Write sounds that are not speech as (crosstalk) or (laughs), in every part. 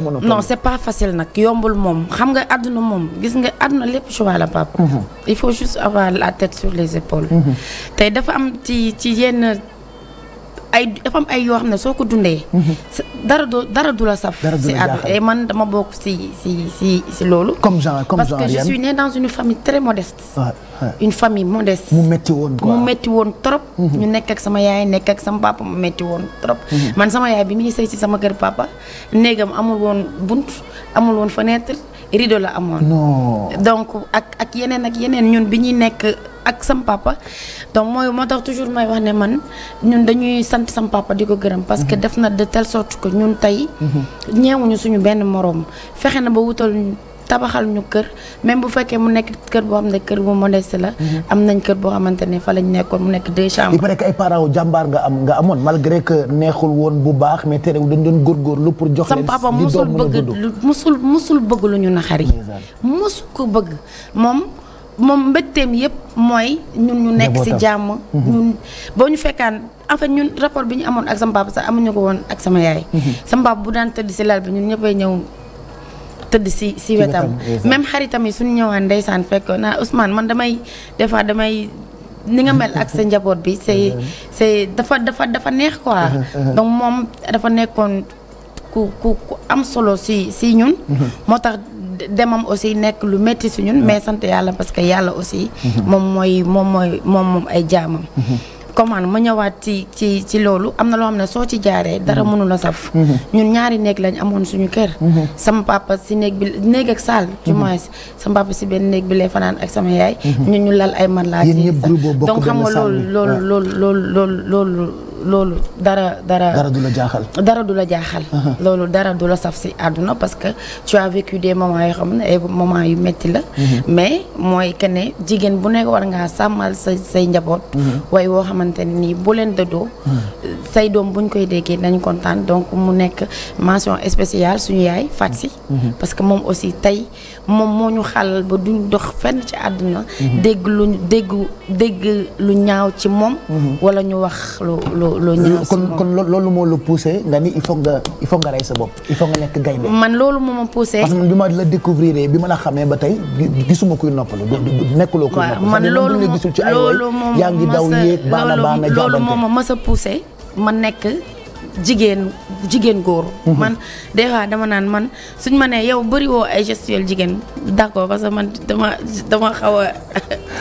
jamono. non c'est pas facile nag yombul moom xam nga àdduna moom gis nga àdduna lépp choix la papa. Mhm. il faut juste avoir la tête sur les épaules. Mhm. tey dafa am ci ci yenn. ay dafa ay yoo xam ne soo ko dundee. Mhm. dara du dara du la saf. dara si àdduna eh, man dama bokk si si si si loolu. comme genre comme genre parce que je suis dans une famille très modeste. une famille modeste. mu metti woon quoi mu metti woon trop. Mhm. ñu nekk ak sama yaay nekk ak sama papa mu metti woon trop. Mhm. man sama yaay bi muy sëy si sama kër papa néegam amul woon bunt amul woon fenêtre rideau la amoon. non donc ak ak yeneen ak yeneen ñun bi ñuy nekk. ak sam papa donc mooy moo tax toujours mooy wax ne man ñun dañuy sant sam papa di ko gërëm parce que mhm. def na de telle sorte que ñun tey mhm. ñeewuñu suñu benn moroom fexe na ba wutal tabaxal ñu kër même bu fekkee mu nekk kër boo xam ne kër bu modeste la. Mhm. am nañ kër boo xamante ne fa lañ nekkoon mu nekk deux chambres. il paraît que ay parents jàmbaar nga am nga amoon malgré que neexul woon bu baax mais terewul dañ doon góorgóorlu pour jox leen. li doon papa musul bëgg musul musul bëgg lu ñu naxari. musul ko bëgg moom. moom mbégteem yëpp mooy ñun ñu nekk ci jàmm mhm. ñun boo ñu fekkaan en ñun rapport bi ñu amoon ak sa papa sax amuñu ko woon ak sama yaay mhm. sa papa bu daan tëdd si lal bi ñun ñëppay ñëw tëdd si si wetam même xaritam yi suñu ñëwaan ndeysaan fekk naa Ousmane man damay des fois damay ni nga mel ak sa njaboot bi (laughs) c'est mhm. c'est dafa dafa dafa neex quoi donc moom dafa nekkoon ku ku ku am solo si si ñun moo tax demam aussi nekk lu métti si ñun mais yàlla parce que yàlla aussi moom mooy moom mooy moom moom ay jaamam commande ma ñëwaat ci ci ci loolu am na loo xam ne soo ci jaaree dara mënu la saf ñun ñaari néeg lañ amoon suñu kër sama papa si néeg bi néeg ak saal du moins sama papa si benn néeg bi lay fanaan ak sama yaay ñun ñu lal ay matelas donc xam nga loolu loolu loolu loolu dara dara. dara du la jaaxal. dara du la jaaxal. Uh-huh. loolu dara du la saf si àdduna parce que tu as vécu des moments yoo xam ne ay moments yu métti la. Uh-huh. mais mooy que ne jigéen bu nekk war ngaa sàmmal sa say njaboot. Uh-huh. way woo xamante ne nii bu leen dëddoo. say doom buñ koy déggee nañ kontaan donc mu nekk mention spéciale suñu yaay fat si que moom aussi tey moom moo ñu xàllal ba duñ dox fenn ci àdduna. dégg lu dégg dégg lu ñaaw ci moom. wala ñu wax lu. lu ñaaw kon kon loolu moo la poussé nga ni il faut nga il faut nga rey sa bopp il faut nga nekk gaynde man loolu moo ma poussé parce que man bi ma la découvrir bi ma man loolu la gisul ci ay nekk jigéen góor. Mhm. man des fois dama naan man suñ ma nee yow bëri ay gestuelle jigéen d'accord parce que man dama dama xaw a.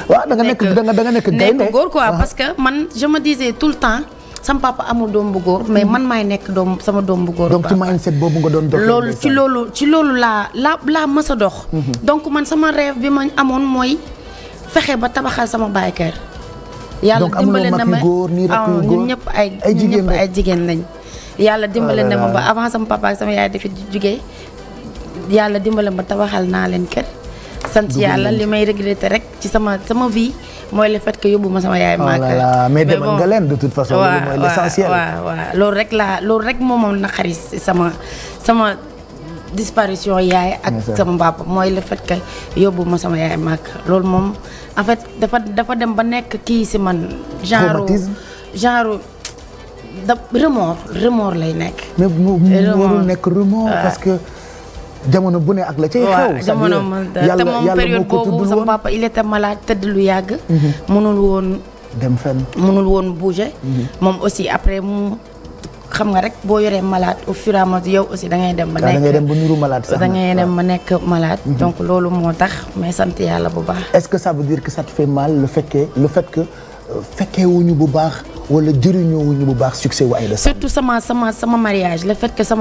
waaw da nga nekk da nga nekk góor quoi parce que man je me tout le temps. sama papa amul doom bu góor mais man maay nekk doom sama doom bu góor. donc ci mindset boobu nga doon dox. loolu ci loolu ci loolu laa laa laa mës a dox. Mhm. donc man sama rêve bi ma amoon mooy fexe ba tabaxal sama baay kër. yàlla dimbale na ma ah, ñun ñëpp ay ñun ñëpp ay jigéen lañ. yàlla dimbale na ma ba oh avant sama papa ak sama yaay dafi jugee yàlla dimbale ma tabaxal naa leen kër. sant yàlla li may regretter rek ci sama sama vie. mooy le fait que yóbbu ma sama yaay. Oh maaka mais demal nga leen de toute façon. loolu mooy l'essentiel waaw waaw loolu rek laa loolu rek moom sama sama disparition yaay. ak sama papa mooy le fait que ma sama yaay maaka loolu moom en fait dafa dafa dem ba nekk kii si man. genre genre. da remor remor lay nekk. remor mais nekk remor parce que. jamono bu ne ak la cay xew jamono te moom période boobu sama papa il était malaat tëdd lu yàgg mënul mhm. woon dem fenn mënul woon bouger mhm. moom aussi après mu xam nga rek boo yoree malaat au fur et yow aussi da ngay dem ba nekk da ngay dem ba nuru malade sax da ngay dem ba nekk malade mhm. donc loolu moo tax mais sant yàlla bu baax est-ce que ça veut dire que ça te fait mal le fekkee le fait que euh, fekkee wuñu bu baax walla jëriñoo wuñu bu baax succès wu ay sama sama mariage le fait sama